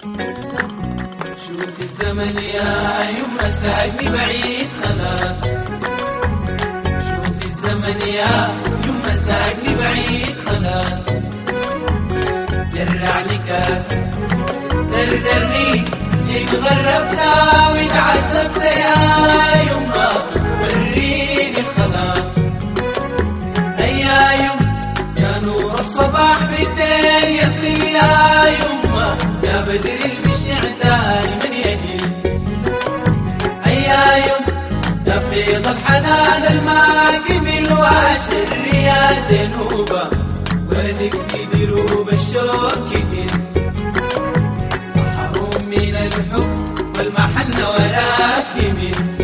شوف الزمن يا يوم ساقني بعيد خلاص شوف الزمن يا يوم ساقني بعيد خلاص درعني لي كاس دردرني اتغربنا واتعذبنا يا يما وريني الخلاص هيا يما يا نور الصباح بالدنيا يا يما يا بدر المشعدان من أي يوم تفيض الحنان الماكمل وأشر يا زنوبة ولدك في دروب الشوق كتير محروم من الحب والمحنة وراكمل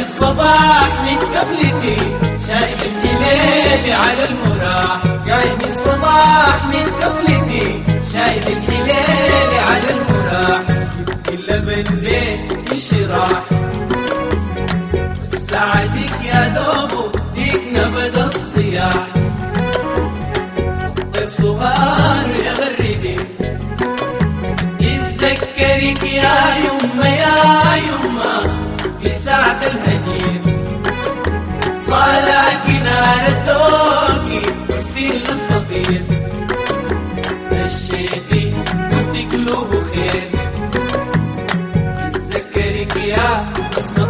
الصباح من قفلتي شايف اني على المراح قايم الصباح من قفلتي شايف اني على المراح جبت اللبن بيت يشرح والساعة ديك يا دوبو ديك نبض الصياح وقت صغار يا غربي يتذكرك يا يوم Let's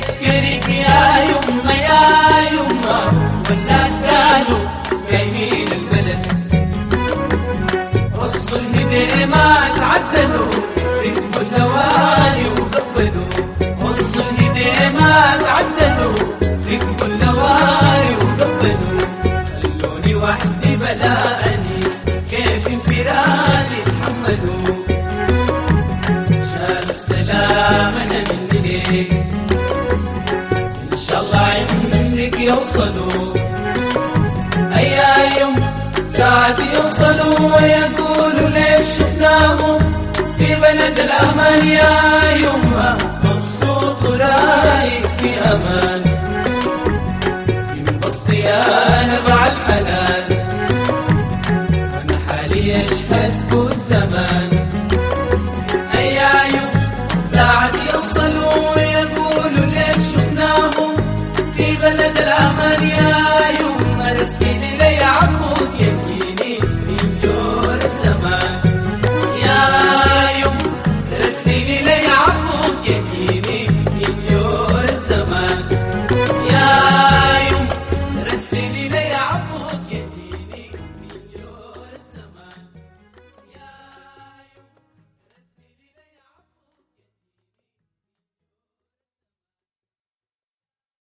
تذكرك يا يما يا يما والناس قالوا جايين البلد الهدي ما تعدلوا ركبوا اللواني وقبلوا الهدي ما تعدلوا ركبوا اللواني وقبلوا خلوني وحدي بلا أنيس كيف انفرادي تحملوا شالوا السلام أنا يوصلوا يوم ساعات يوصلوا ويقولوا ليش شفناهم في بلد الأمان يا يما مبسوط ورايق في أمان